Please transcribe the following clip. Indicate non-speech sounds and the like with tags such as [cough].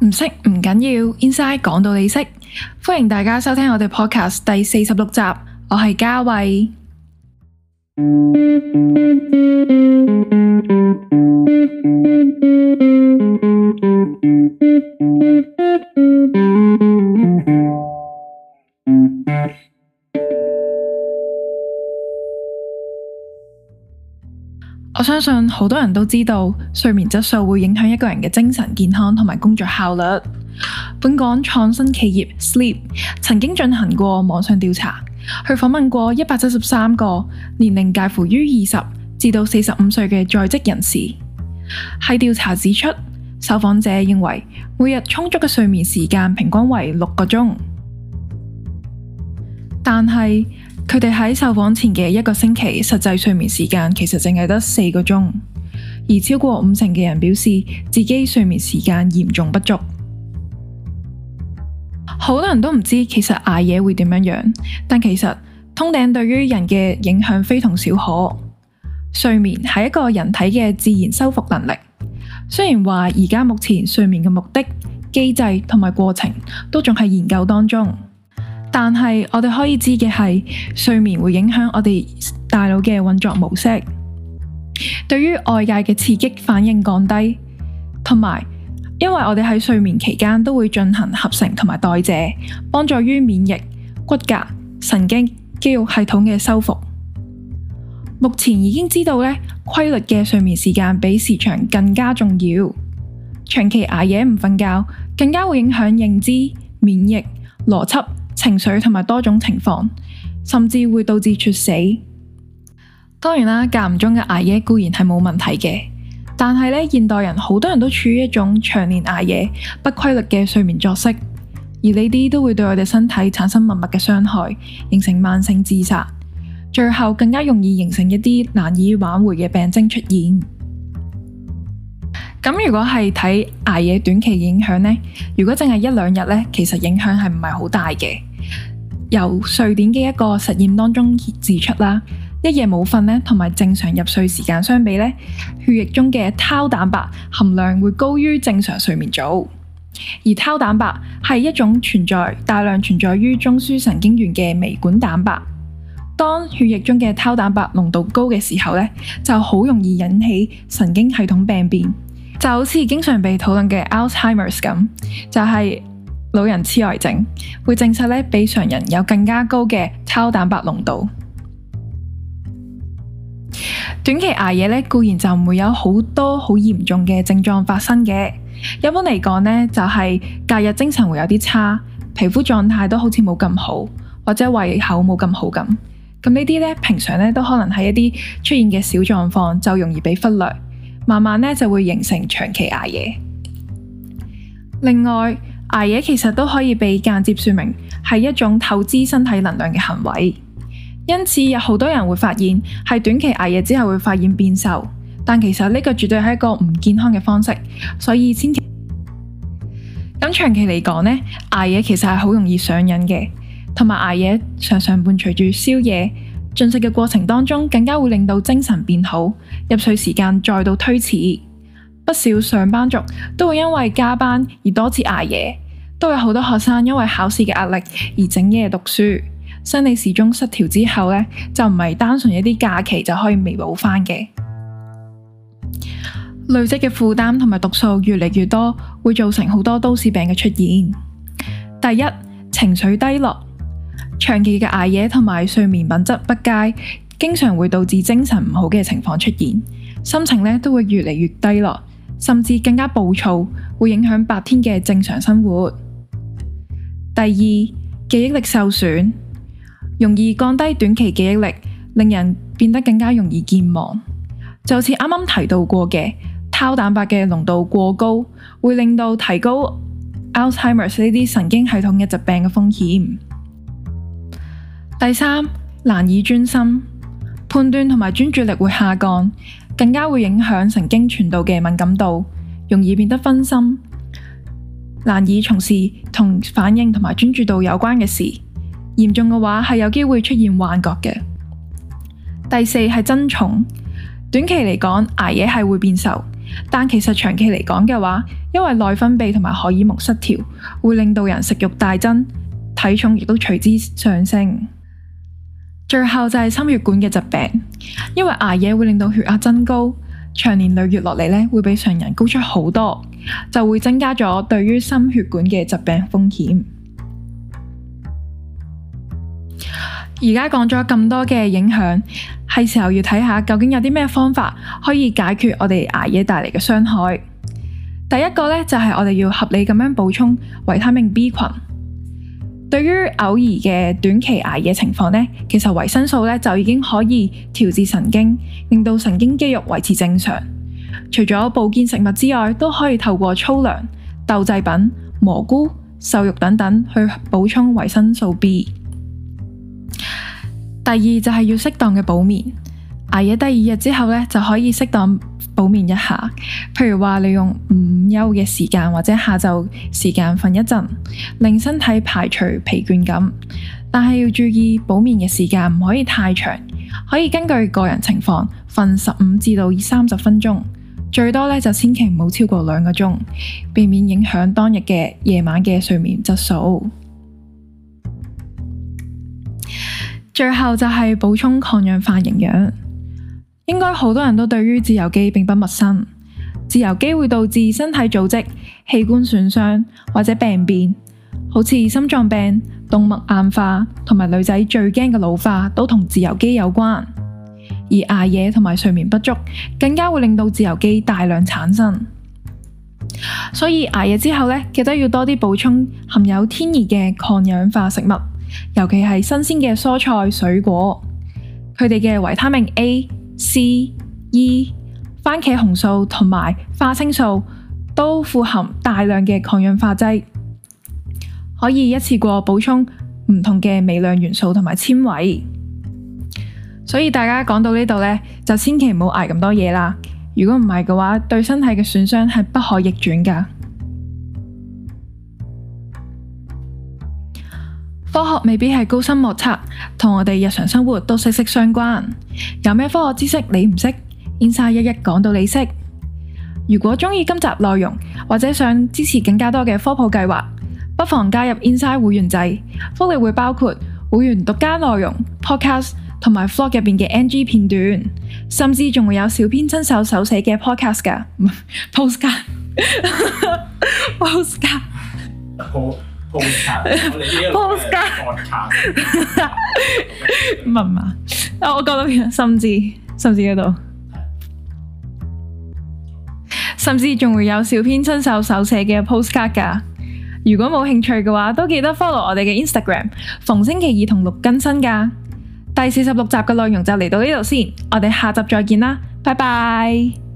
唔識唔緊要，Inside 講到你識，歡迎大家收聽我哋 podcast 第四十六集，我係嘉慧。 [music] 相信好多人都知道，睡眠質素會影響一個人嘅精神健康同埋工作效率。本港創新企業 Sleep 曾經進行過網上調查，去訪問過一百七十三個年齡介乎於二十至到四十五歲嘅在職人士。喺調查指出，受訪者認為每日充足嘅睡眠時間平均為六個鐘，但係。佢哋喺受訪前嘅一個星期，實際睡眠時間其實淨係得四個鐘，而超過五成嘅人表示自己睡眠時間嚴重不足。好多人都唔知道其實捱夜會點樣樣，但其實通頂對於人嘅影響非同小可。睡眠係一個人體嘅自然修復能力，雖然話而家目前睡眠嘅目的、機制同埋過程都仲喺研究當中。但係，我哋可以知嘅係，睡眠會影響我哋大腦嘅運作模式，對於外界嘅刺激反應降低，同埋，因為我哋喺睡眠期間都會進行合成同埋代謝，幫助於免疫、骨骼、神經、肌肉系統嘅修復。目前已經知道呢，規律嘅睡眠時間比時長更加重要。長期捱夜唔瞓覺，更加會影響認知、免疫、邏輯。情緒同埋多種情況，甚至會導致猝死。當然啦，間唔中嘅捱夜固然係冇問題嘅，但係呢，現代人好多人都處於一種長年捱夜、不規律嘅睡眠作息，而呢啲都會對我哋身體產生默默嘅傷害，形成慢性自殺，最後更加容易形成一啲難以挽回嘅病徵出現。咁 [laughs] 如果係睇捱夜短期影響呢？如果淨係一兩日呢，其實影響係唔係好大嘅。由瑞典嘅一個實驗當中指出啦，一夜冇瞓呢，同埋正常入睡時間相比呢，血液中嘅 Tau 蛋白含量會高於正常睡眠組。而 Tau 蛋白係一種存在大量存在於中樞神經元嘅微管蛋白。當血液中嘅 Tau 蛋白濃度高嘅時候呢，就好容易引起神經系統病變，就好似經常被討論嘅 Alzheimer's 咁，就係、是。老人痴呆症會證實咧，比常人有更加高嘅超蛋白濃度。短期捱夜咧，固然就唔會有好多好嚴重嘅症狀發生嘅。一般嚟講呢，就係隔日精神會有啲差，皮膚狀態都好似冇咁好，或者胃口冇咁好咁。咁呢啲咧，平常咧都可能係一啲出現嘅小狀況，就容易被忽略，慢慢呢就會形成長期捱夜。另外。捱夜其實都可以被間接說明係一種透支身體能量嘅行為，因此有好多人會發現係短期捱夜之後會發現變瘦，但其實呢個絕對係一個唔健康嘅方式，所以千祈。咁長期嚟講呢，捱夜其實係好容易上癮嘅，同埋捱夜常常伴隨住宵夜進食嘅過程當中，更加會令到精神變好，入睡時間再度推遲。不少上班族都會因為加班而多次捱夜，都有好多學生因為考試嘅壓力而整夜讀書。生理時鐘失調之後呢，就唔係單純一啲假期就可以彌補翻嘅。累積嘅負擔同埋毒素越嚟越多，會造成好多都市病嘅出現。第一，情緒低落，長期嘅捱夜同埋睡眠品質不佳，經常會導致精神唔好嘅情況出現，心情呢都會越嚟越低落。甚至更加暴躁，會影響白天嘅正常生活。第二，記憶力受損，容易降低短期記憶力，令人變得更加容易健忘。就好似啱啱提到過嘅，Tau 蛋白嘅濃度過高，會令到提高 Alzheimer's 呢啲神經系統嘅疾病嘅風險。第三，難以專心，判斷同埋專注力會下降。更加會影響神經傳導嘅敏感度，容易變得分心，難以從事同反應同埋專注度有關嘅事。嚴重嘅話係有機會出現幻覺嘅。第四係增重，短期嚟講捱夜係會變瘦，但其實長期嚟講嘅話，因為內分泌同埋荷爾蒙失調，會令到人食慾大增，體重亦都隨之上升。最後就係心血管嘅疾病，因為捱夜會令到血壓增高，長年累月落嚟咧，會比常人高出好多，就會增加咗對於心血管嘅疾病風險。而家講咗咁多嘅影響，係時候要睇下究竟有啲咩方法可以解決我哋捱夜帶嚟嘅傷害。第一個呢，就係、是、我哋要合理咁樣補充維他命 B 群。對於偶爾嘅短期捱夜情況咧，其實維生素咧就已經可以調節神經，令到神經肌肉維持正常。除咗保健食物之外，都可以透過粗糧、豆製品、蘑菇、瘦肉等等去補充維生素 B。第二就係要適當嘅補眠。捱夜第二日之後呢，就可以適當補眠一下，譬如話你用午休嘅時間或者下晝時間瞓一陣，令身體排除疲倦感。但係要注意補眠嘅時間唔可以太長，可以根據個人情況瞓十五至到三十分鐘，最多呢，就千祈唔好超過兩個鐘，避免影響當日嘅夜晚嘅睡眠質素。最後就係補充抗氧化營養。應該好多人都對於自由基並不陌生。自由基會導致身體組織器官損傷或者病變，好似心臟病、動脈硬化，同埋女仔最驚嘅老化都同自由基有關。而熬夜同埋睡眠不足更加會令到自由基大量產生，所以熬夜之後呢，記得要多啲補充含有天然嘅抗氧化食物，尤其係新鮮嘅蔬菜水果，佢哋嘅維他命 A。C、E、番茄紅素同埋花青素都富含大量嘅抗氧化劑，可以一次過補充唔同嘅微量元素同埋纖維。所以大家講到呢度呢，就千祈唔好捱咁多嘢啦。如果唔係嘅話，對身體嘅損傷係不可逆轉㗎。科學未必係高深莫測，同我哋日常生活都息息相關。有咩科學知識你唔識？Inside 一一講到你識。如果中意今集內容，或者想支持更加多嘅科普計劃，不妨加入 Inside 會員制，福利會包括會員獨家內容、podcast 同埋 vlog 入邊嘅 NG 片段，甚至仲會有小編親手手寫嘅 podcast 噶 postcard [laughs] postcard。好。postcard 唔係唔係，我、 [laughs] 嗯嗯嗯啊、我講到邊啊？甚至甚至嗰度，甚至仲會有小編親手手寫嘅 postcard 噶。如果冇興趣嘅話，都記得 follow 我哋嘅 Instagram，逢星期二同六更新噶。第四十六集嘅內容就嚟到呢度先，我哋下集再見啦，拜拜。